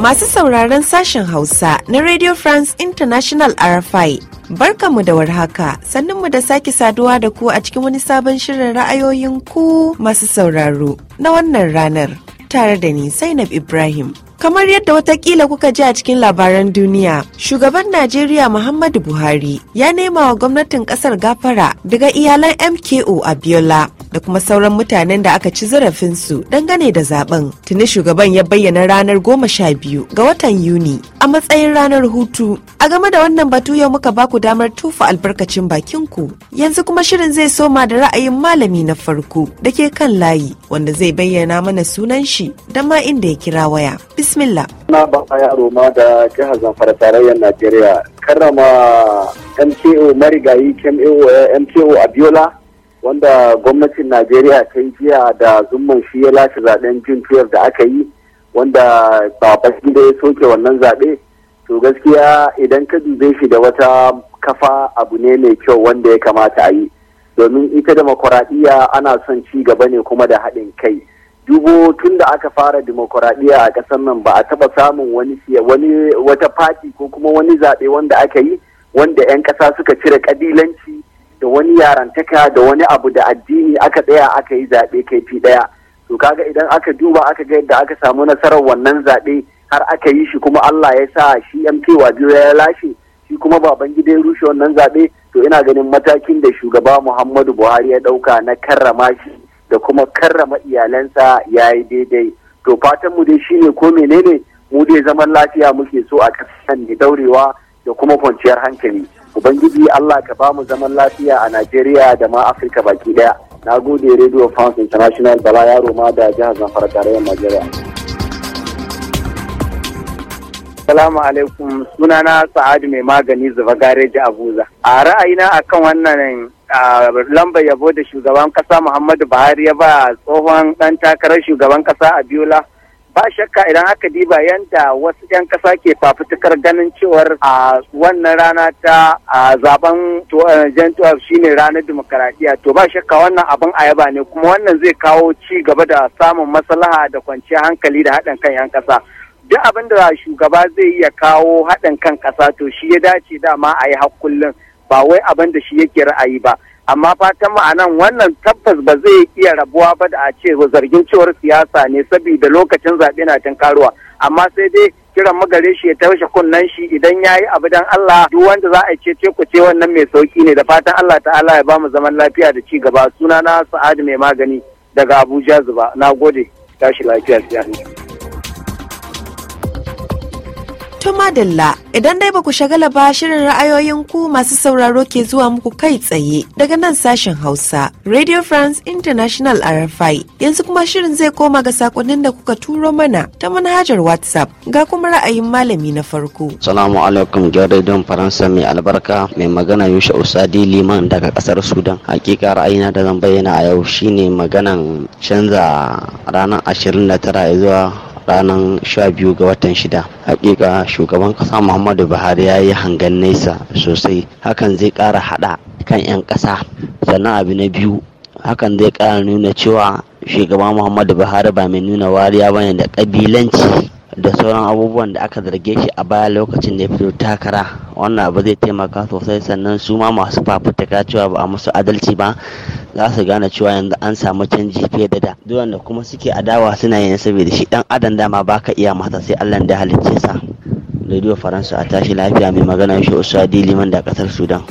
Masu sauraron sashen Hausa na Radio France International RFI, barkanmu da warhaka, mu da sake saduwa da ku a cikin wani sabon shirin ra'ayoyin ku masu sauraro na wannan ranar tare da ni Zainab Ibrahim. Kamar yadda watakila kuka ji a cikin labaran duniya, shugaban Najeriya Muhammadu Buhari ya nema wa gwamnatin kasar gafara daga iyalan MKO a Abiola da kuma sauran mutanen da aka ci zarafinsu dangane da zaben. Tuni shugaban ya bayyana ranar goma sha biyu ga watan Yuni a matsayin ranar hutu. A game da wannan batu yau muka baku damar tufa albarkacin bakin ku. Yanzu kuma shirin zai soma da ra'ayin malami na farko da ke kan layi wanda zai bayyana mana sunan shi da ma inda ya kira waya. bismillah na ba yaro ma da jihar zamfara tarayyar najeriya karrama mko marigayi mko eh, abiola wanda gwamnatin najeriya ta yi jiya da zumman shi ya lashe zaben jin tuyar da aka yi wanda shi da ya soke wannan zaɓe to gaskiya idan ka dube shi da wata kafa abu ne mai kyau wanda ya kamata a yi domin ita da ana son ci gaba ne kuma da haɗin kai dubo tun da aka fara demokuraɗiyya a ƙasar nan ba a taɓa samun wani wata fati ko kuma wani zaɓe wanda aka yi wanda 'yan ƙasa suka cire ƙabilanci da wani yarantaka da wani abu da addini aka tsaya aka yi zaɓe kaifi ɗaya to kaga idan aka duba aka ga yadda aka samu nasarar wannan zaɓe har aka yi shi kuma Allah ya sa shi MK biyu ya lashe shi kuma baban gida ya rushe wannan zaɓe to ina ganin matakin da shugaba Muhammadu Buhari ya ɗauka na karrama shi da kuma karrama iyalansa ya yi daidai to fatan mu dai shine ko menene mu dai zaman lafiya muke so a kasan da daurewa da kuma kwanciyar hankali ubangiji Allah ka bamu zaman lafiya a Najeriya da ma Afirka baki daya na gode radio france international bala yaro ma da jihar zamfara tarayyar Najeriya Salamu alaikum sunana Sa'adu mai magani zuba gareji Abuja. A ra'ayina akan wannan lambar yabo da shugaban kasa Muhammadu Buhari ya ba tsohon ɗan takarar shugaban kasa Abiola. Ba shakka idan aka diba yadda wasu 'yan kasa ke fafutukar ganin cewar a wannan rana ta a zaben jan shine ranar demokaradiyya to ba shakka wannan abin ayaba ne kuma wannan zai kawo ci gaba da samun maslaha da kwanciyar hankali da haɗin kan 'yan kasa. Duk abin da shugaba zai iya kawo haɗin kan ƙasa to shi ya dace dama a yi hakullin. ba wai abin da shi yake ra'ayi ba amma fatan ma'anan wannan tabbas ba zai iya rabuwa ba da a ce zargin cewar siyasa ne saboda lokacin zaɓe na karuwa. amma sai dai kiran magare shi ya taushe kunnan shi idan ya yi abu dan Allah duk wanda za a ce ce ku ce wannan mai sauki ne da fatan Allah ta'ala ya bamu zaman lafiya da ci gaba sunana Sa'ad mai magani daga Abuja Zuba na gode tashi lafiya siyasa To madalla idan dai baku ku shagala ba shirin ra'ayoyin ku masu sauraro ke zuwa muku kai tsaye daga nan sashen Hausa Radio France International RFI yanzu kuma shirin zai koma ga sakonnin da kuka turo mana ta manhajar WhatsApp ga kuma ra'ayin malami na farko. Salamu alaikum jaridan Faransa mai albarka mai magana Yusha Usadi Liman daga kasar Sudan. Hakika ra'ayina da zan bayyana a yau shine maganan canza ranar 29 zuwa ranar 12 ga watan shida hakika shugaban kasa muhammadu buhari ya yi hangen nesa sosai hakan zai kara hada kan 'yan kasa sannan abu na biyu hakan zai kara nuna cewa shugaban muhammadu buhari ba mai nuna wariya bane da kabilanci da sauran abubuwan da aka zarge shi a baya lokacin da ya fito takara wannan abu zai taimaka sosai sannan su ma masu fafutuka cewa ba a musu adalci ba za su gane cewa yanzu an samu canji fiye da da duwan da kuma suke adawa suna yin saboda shi dan adam dama baka iya masa sai Allah da halicce sa radio faransa a tashi lafiya mai magana shi usadi liman da kasar sudan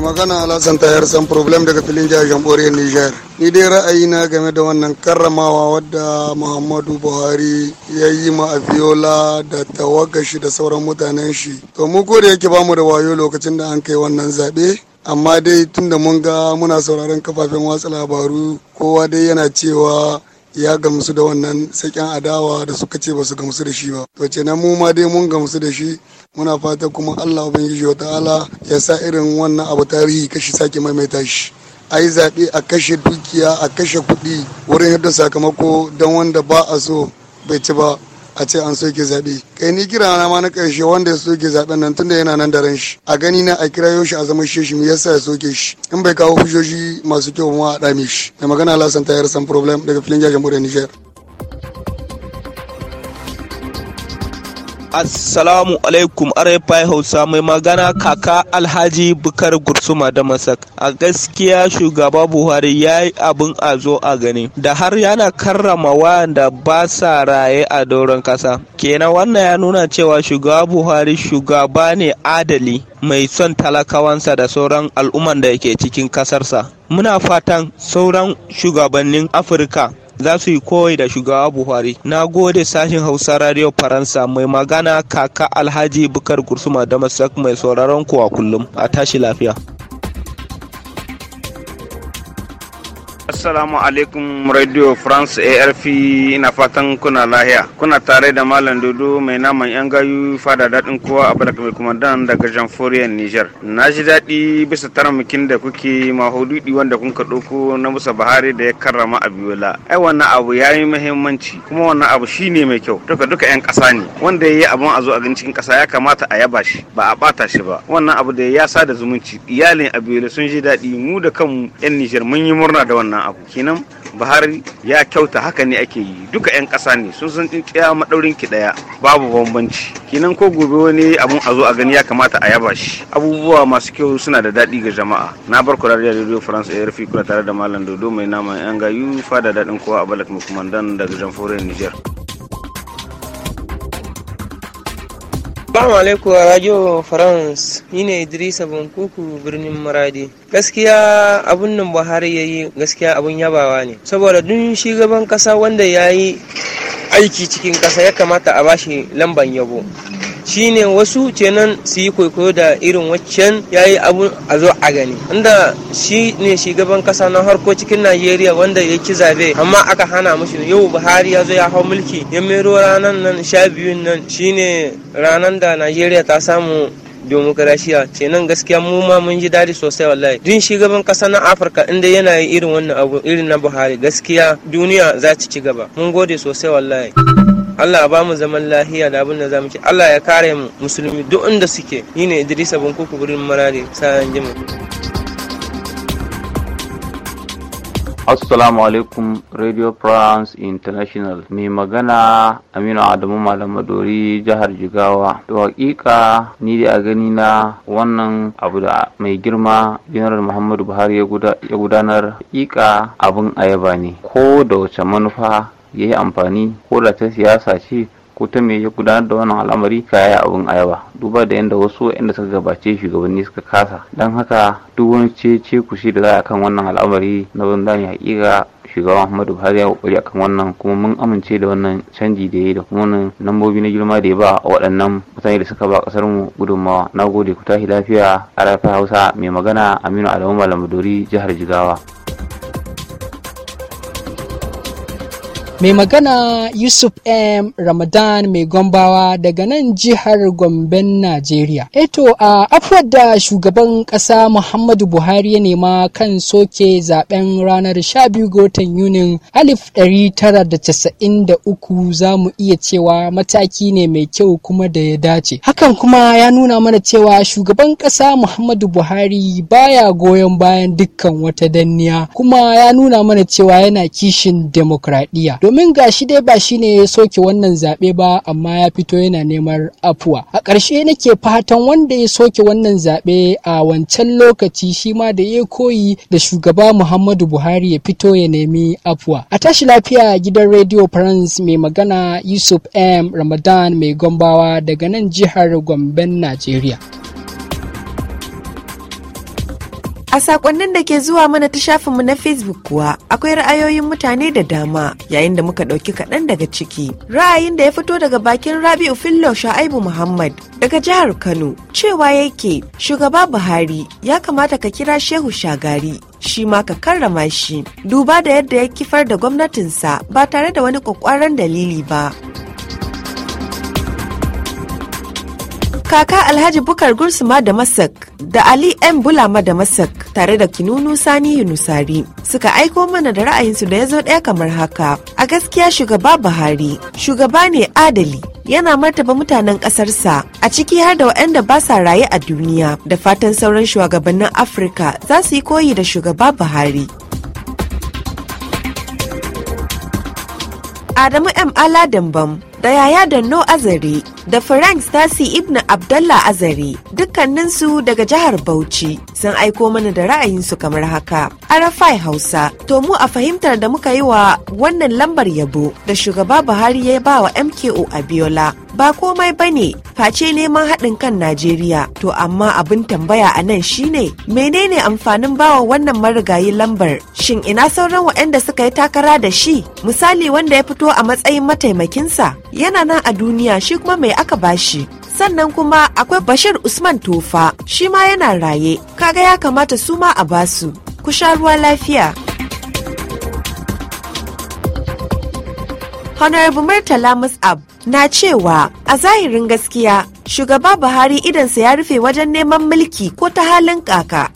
magana alhassan tayar san problem daga filin jihar boriyar niger ni dai ra'ayi na game da wannan karramawa wadda muhammadu buhari ya yi ma abiola da tawagashi da sauran mutanen shi to mu ko da yake mu da wayo lokacin da an kai wannan zaɓe amma dai tunda mun ga muna sauraron kafafen watsa labaru kowa dai yana cewa ya gamsu da wannan saƙen adawa da suka ce ba su gamsu da shi ba to ce mu ma dai mun gamsu da shi muna fata kuma allah ubangiji wa ta'ala ya sa irin wannan abu tarihi kashi sake maimaita shi a yi zaɓe a kashe dukiya a kashe kuɗi wurin yadda sakamako don wanda ba a so bai ci ba a ce an soke zaɓe kai ni kira na ma na ƙarshe wanda ya soke zaɓen nan tunda yana nan da ran shi a gani na a kirayo shi a zama sheshi mu yasa ya soke shi in bai kawo fushoshi masu kyau ma a dame shi da magana lasan tayar san problem daga filin jajen Nijar. Assalamu alaikum arefai Hausa mai magana kaka Alhaji Bukar Gursuma da Masak. A gaskiya shugaba Buhari ya yi abin a zo a gani da har yana karrama wanda ba sa raye a doron kasa. Kenan wannan ya nuna cewa shugaba Buhari shugaba ne adali mai son talakawansa da sauran al'umman da yake cikin kasarsa. Muna fatan sauran shugabannin Afirka za su yi koyi da shugaba buhari na gode sashen hausa radio faransa mai magana kaka alhaji bukar gursuma da masak mai sauraron kuwa kullum a tashi lafiya Assalamu alaikum Radio France ARF ina fatan kuna lahiya. Kuna tare da Malam Dodo mai naman yan gayu fada daɗin kowa a barka mai kumandan daga Jamforiyar Niger. Na ji daɗi bisa taramakin da kuke mahududi wanda kun ka ɗauko na Musa Buhari da ya karrama a Biola. Ai wannan abu ya yi muhimmanci kuma wannan abu shi ne mai kyau. Duka duka 'yan ƙasa ne. Wanda ya yi abun a zo a gani cikin ƙasa ya kamata a yaba shi ba a ɓata shi ba. Wannan abu da ya sa da zumunci iyalin Abiola sun ji daɗi mu da kanmu 'yan Niger mun yi murna da wannan abu kenan buhari ya kyauta haka ne ake yi duka 'yan ƙasa ne sun san tsaya maɗaurin ki ɗaya babu bambanci kenan ko gobe wani abun a zo a gani ya kamata a yaba shi abubuwa masu kyau suna da daɗi ga jama'a na bar kula da radio france air fi kula tare da malam dodo mai nama yan gayu fada daɗin kowa a balak mu dan daga jamhuriyar niger Assalamu alaikum Radio France, ni ne Idrisa Bankuku birnin Maradi. Gaskiya abun nan Buhari ya yi gaskiya abun yabawa ne. Saboda duk shugaban kasa wanda ya yi aiki cikin kasa ya kamata a bashi lamban yabo. shine wasu kenan su yi kwaikwayo da irin waccan ya yi abu a zo a gani inda shi ne shugaban kasa na harko cikin najeriya wanda ya ki zabe amma aka hana mushi yau buhari ya zo ya hau mulki ya mero ranar nan sha biyun nan shine ranar da najeriya ta samu demokarashiya. kenan gaskiya mu ma mun ji dadi sosai wallahi duk shugaban kasa na afirka inda yana yi irin wannan abu irin na buhari gaskiya duniya za ci gaba mun gode sosai wallahi Allah ba mu zaman lahiya da abin da za mu ci Allah ya kare mu musulmi duk inda suke ni ne Idrisa Bankuku gurin Marari sa'an jima Assalamu alaikum Radio France International mai magana Aminu Adamu Malam Madori jihar Jigawa. Da hakika ni da a gani na wannan abu da mai girma General Muhammadu Buhari ya gudanar hakika abin ayaba ne ko da wace manufa ya yi amfani ko da ta siyasa ce ko ta mai ya gudanar da wannan al'amari kaya abin ayaba duba da yadda wasu inda suka gabace shugabanni suka kasa don haka duk wani ce ku kushi da za a kan wannan al'amari na banzani hakika shugaban ahmadu Buhari ya kokari akan wannan kuma mun amince da wannan canji da yayi da kuma wannan lambobi na girma da ya ba a waɗannan mutane da suka ba kasar mu gudunmawa gode ku tashi lafiya a Hausa mai magana Aminu Adamu malamadori jihar Jigawa mai magana yusuf m ramadan mai gombawa daga nan jihar gomben najeriya eto eh a afuwar da shugaban kasa muhammadu buhari ya nema kan soke zaben ranar 12 ga watan yunin 1993 za mu iya cewa mataki ne mai kyau kuma da ya dace hakan kuma ya nuna mana cewa shugaban kasa muhammadu buhari baya goyon bayan dukkan wata danniya kuma ya nuna mana cewa yana kishin demokradiyya domin ga shi dai ba shi ne ya soke wannan zaɓe ba amma ya fito yana neman afuwa a ƙarshe nake fatan wanda ya soke wannan zaɓe a wancan lokaci shi ma da ya koyi da shugaba muhammadu buhari ya fito ya nemi afuwa a tashi lafiya gidan radio france mai magana yusuf m ramadan mai gombawa daga nan jihar gomben najeriya A saƙonnin da ke zuwa mana ta shafinmu na Facebook kuwa akwai ra'ayoyin mutane da dama yayin da muka ɗauki kaɗan daga ciki. Ra'ayin da ya fito daga bakin Rabi'u Fillo Sha'aibu Muhammad daga jihar Kano cewa yake shugaba Buhari ya kamata ka kira Shehu Shagari shi ma ka karrama shi duba da yadda ya kifar da gwamnatinsa ba tare da wani kwakwaran dalili ba. kaka alhaji bukar gursuma da masak da ali m bulama da masak tare da kinunu sani yunusari suka aiko mana da ra'ayinsu da ya zo ɗaya kamar haka a gaskiya shugaba buhari shugaba ne adali yana martaba mutanen ƙasarsa a ciki har da waɗanda ba sa raye a duniya da fatan sauran shugabannin afirka za su yi koyi da shugaba buhari adamu m aladambam da yaya danno azare da frank stasi ibn abdallah azare dukkaninsu daga jihar bauchi sun aiko mana da ra'ayinsu kamar haka arafai hausa to mu a fahimtar da muka yi wa wannan lambar yabo da shugaba buhari ya ba wa mko abiola ba komai ba ne face neman haɗin kan najeriya to amma abin tambaya a nan shine menene amfanin bawa wannan marigayi lambar shin ina sauran waɗanda suka yi takara da shi misali wanda ya fito a matsayin mataimakinsa yana nan a duniya shi kuma mai aka bashi sannan kuma akwai bashir usman tofa shi ma yana raye kaga ya kamata su ma a basu ku sha ruwa lafiya honorable murtala mus'ab na cewa a zahirin gaskiya shugaba buhari idansa ya rufe wajen neman mulki ko ta halin kaka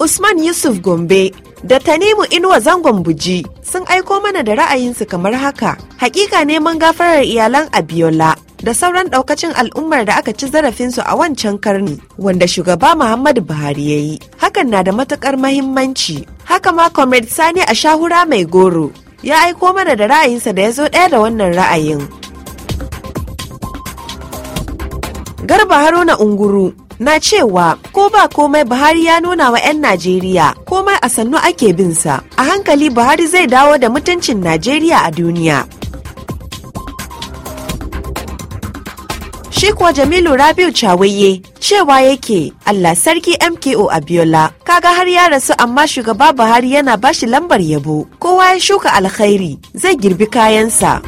usman yusuf gombe da Tanimu Inuwa zangon buji sun aiko mana da ra'ayinsu kamar haka. Hakika neman gafarar iyalan Abiola da sauran daukacin al'ummar da aka ci zarafinsu a wancan karni wanda shugaba Muhammadu Buhari ya yi. Hakan na da matukar mahimmanci. Haka ma Comrade Sani a shahura mai goro ya aiko mana da ra'ayinsa da ya zo ɗaya da wannan ra'ayin. Garba Haruna Unguru na cewa ko ba komai Buhari ya nuna wa 'yan Najeriya komai a sannu ake binsa. A hankali Buhari zai dawo da mutuncin Najeriya a duniya. Shi Jamilu Rabiu Chawaye cewa yake Allah sarki MKO Abiola kaga har ya rasu amma shugaba Buhari yana bashi lambar yabo kowa ya shuka alkhairi zai girbi kayansa.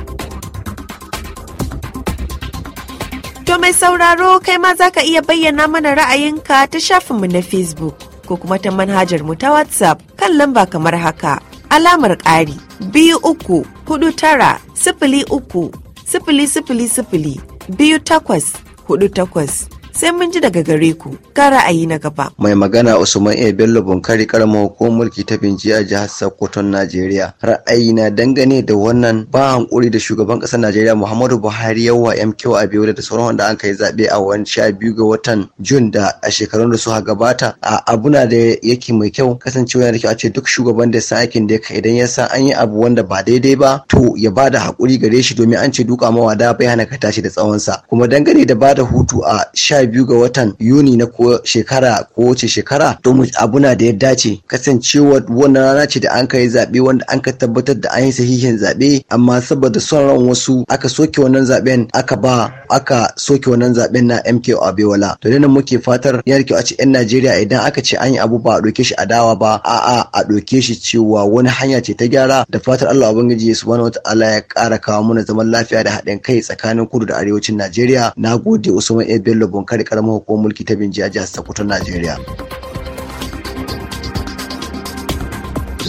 To mai sauraro kai ma za ka iya bayyana mana ra'ayinka ta shafinmu na Facebook ko kuma ta manhajar mu ta WhatsApp kan lamba kamar haka. Alamar ƙari biyu uku hudu tara sifili uku sifili sifili sifili biyu takwas hudu takwas sai mun ji daga gare ku ga ra'ayi na gaba. Mai magana Usman A. Bello Bunkari karamar hukumar mulki ta Binji a jihar Sakkoton Najeriya. Ra'ayi na dangane da wannan ba hankuri da shugaban kasar Najeriya Muhammadu Buhari yawa kyau a biyu da sauran wanda an kai zaɓe a wani sha biyu ga watan Jun da a shekarun da ha gabata a abuna da yake mai kyau kasancewa yana da kyau a ce duk shugaban da san aikin da ya idan ya san an yi abu wanda ba daidai ba to ya ba da hakuri gare shi domin an ce duka mawa, da bai hana ka tashi da tsawonsa kuma dangane da ba da hutu a sha biyu ga watan Yuni na ko shekara ko wace shekara domin abuna da ya dace kasancewa wannan rana ce da an kai zaɓe wanda an ka tabbatar da an yi sahihin zaɓe amma saboda son ran wasu aka soke wannan zaɓen aka ba aka soke wannan zaɓen na MK abewala to nan muke fatar ya rike a ce 'yan Najeriya idan aka ce an yi abu ba a ɗauke shi adawa ba a'a a ɗauke shi cewa wani hanya ce ta gyara da fatar Allah Ubangiji subhanahu wataala ya ƙara kawo mana zaman lafiya da haɗin kai tsakanin kudu da arewacin Najeriya na gode Usman ebello Bonka kare karamar hukumar mulki ta binjiya a jihar Sokoto Najeriya.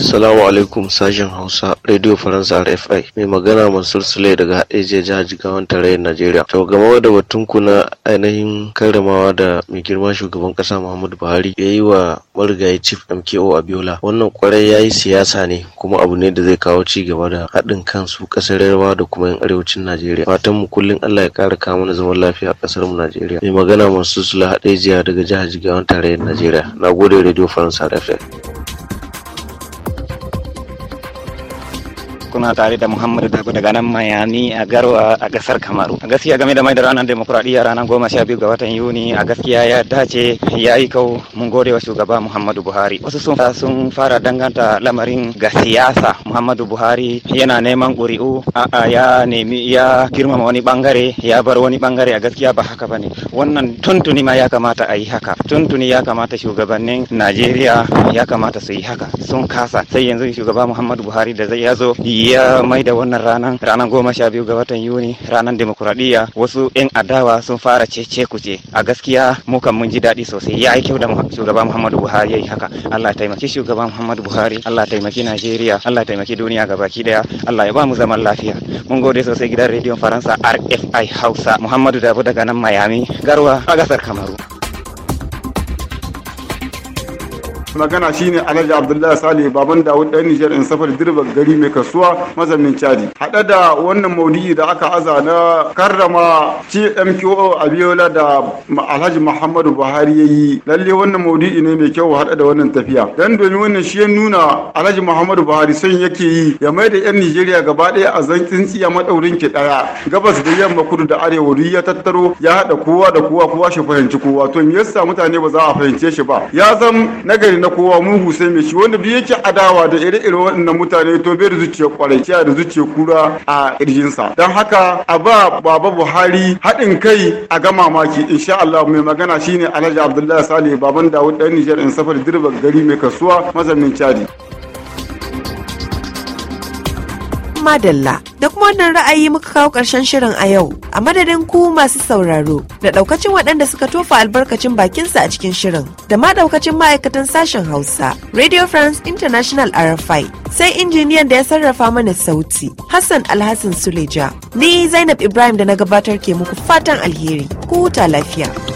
Salamu alaikum sashen Hausa Radio Faransa RFI mai magana Mansur Sule daga Ejiya jihar Jigawan tarayyar Najeriya. To game da batun ku na ainihin karramawa da mai girma shugaban kasa Muhammadu Buhari ya yi wa marigayi Chief MKO Abiola. Wannan kwarai ya yi siyasa ne kuma abu ne da zai kawo ci gaba da haɗin kansu ƙasar Yarbawa da kuma yan arewacin Najeriya. Fatan mu kullum Allah ya ƙara kawo mana zaman lafiya a ƙasar mu Najeriya. Mai magana Mansur Sule Hadejiya daga jihar Jigawan tarayyar Najeriya. Nagode Radio Faransa RFI. kuna tare da Muhammadu Dago daga nan Miami a garwa a gasar Kamaru. A gaskiya game da mai da ranar demokuraɗiyya ranar goma sha biyu ga watan Yuni a gaskiya ya dace ya yi kau mun gode wa shugaba Muhammadu Buhari. Wasu sun sun fara danganta lamarin ga siyasa Muhammadu Buhari yana neman ƙuri'u a'a ya nemi ya girmama wani bangare ya bar wani bangare a gaskiya ba haka ba ne. wannan tuntuni ma ya kamata a yi haka tuntuni ya kamata shugabannin Najeriya ya kamata su yi haka sun kasa sai yanzu shugaba Muhammadu Buhari da zai ya zo yi ya mai da wannan ranar ranar goma sha biyu ga watan yuni ranar demokuraɗiyya wasu 'yan adawa sun fara cece kuce a gaskiya mu kan mun ji daɗi sosai ya yi kyau da shugaba muhammadu buhari ya yi haka allah taimaki shugaba muhammadu buhari allah taimaki najeriya allah taimaki duniya gabaki daya allah ya ba mu zaman lafiya mun gode sosai gidan rediyon faransa rfi hausa muhammadu dabu daga nan miami garwa a gasar kamaru magana shine Alhaji Abdullahi Salih baban Dawud dan Nijar in safar dirba gari mai kasuwa mazaunin Chadi hada da wannan maulidi da aka aza na karrama CMQO Abiola da Alhaji Muhammadu Buhari yayi lalle wannan maulidi ne mai kyau hada da wannan tafiya dan domin wannan shi ya nuna Alhaji Muhammadu Buhari son yake yi ya mai da yan Nijeriya gaba ɗaya a zan tsintsiya madaurin ki daya gabas da yamma kudu da arewa ya tattaro ya hada kowa da kowa kowa shi fahimci kowa to me yasa mutane ba za a fahimce shi ba ya zam nagari na kowa mun sai mai shi wanda duk yake adawa da ire-ire waɗannan mutane to bai da zuciya kwarai da zuciya kura a irjinsa don haka a ba baba buhari haɗin kai a gama maki insha Allah mai magana shine Alhaji Abdullahi Sale baban Dawud ɗan Nijar in safar dirbar gari mai kasuwa mazamin Chadi. madalla da kuma wannan ra'ayi muka kawo ƙarshen shirin a yau a madadin ku masu sauraro da ɗaukacin waɗanda suka tofa albarkacin bakinsa a cikin shirin da ma ɗaukacin ma'aikatan sashen hausa radio france international rfi sai injiniyan da ya sarrafa mana sauti hassan alhassan suleja ni zainab ibrahim da na gabatar ke muku fatan alheri ku huta lafiya.